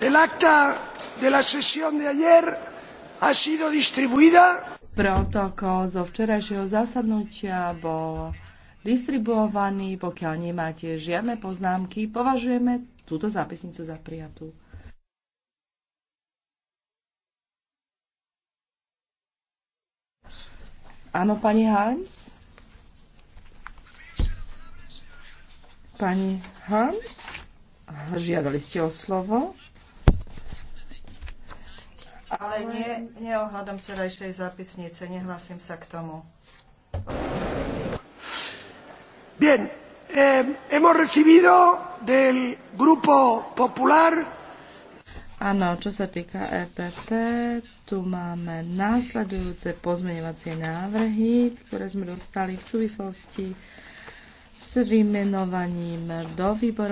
El acta de la sesión de ayer ha sido distribuida. Protokol zo včerajšieho zasadnutia bol distribuovaný. Pokiaľ nemáte žiadne poznámky, považujeme túto zápisnicu za prijatú. Áno, pani Harms? Pani Harms, žiadali ste o slovo ale nie, nie ohľadom včerajšej zápisnice. Nehlasím sa k tomu. Bien, eh, hemos recibido del Grupo Popular Áno, čo sa týka EPP, tu máme následujúce pozmeňovacie návrhy, ktoré sme dostali v súvislosti s vymenovaním do výborov.